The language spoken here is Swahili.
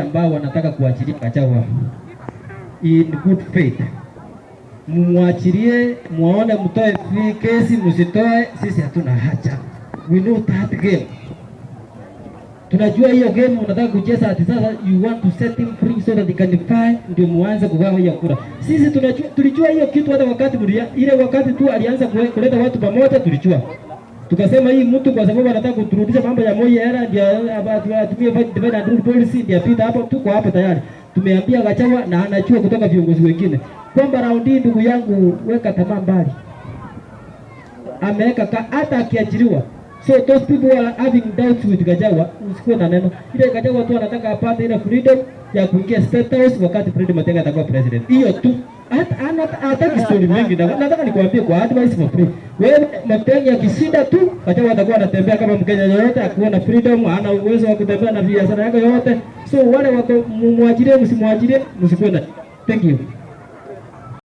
ambao wanataka kuachilia Kachawa in good faith, muachilie, muone, mtoe free kesi, msitoe. Sisi hatuna haja, we know that game. Tunajua hiyo game unataka kucheza ati sasa, you want to set him free so that he can defy, ndio muanze kugawa hiyo kura. Sisi tunajua, tulijua hiyo kitu hata wakati ile, wakati tu alianza kuleta watu pamoja, tulijua Tukasema hii mtu kwa sababu anataka kuturudisha mambo ya moja era ndio atumie ah, divide and rule policy ndio pita hapo, tuko hapo tayari. Tumeambia Gachagua na anachua kutoka viongozi wengine kwamba raundi hii, ndugu yangu, weka tamaa mbali. Ameweka hata akiajiriwa So those people who are having doubts with Gachagua, usikuwe na neno. Ile Gachagua tu anataka apate ile freedom ya kuingia State House wakati Fred Matiang'i atakuwa president. Hiyo tu. Hataki stori mingi, nataka nikuambie kwa advice Mkenya. Wewe Mkenya akishinda tu, watakuwa atakuwa anatembea kama Mkenya yoyote, akiwa na freedom, hana uwezo wa kutembea na biashara yake yote. So wale wako muajirie, msimuajirie, msikuwe Thank you.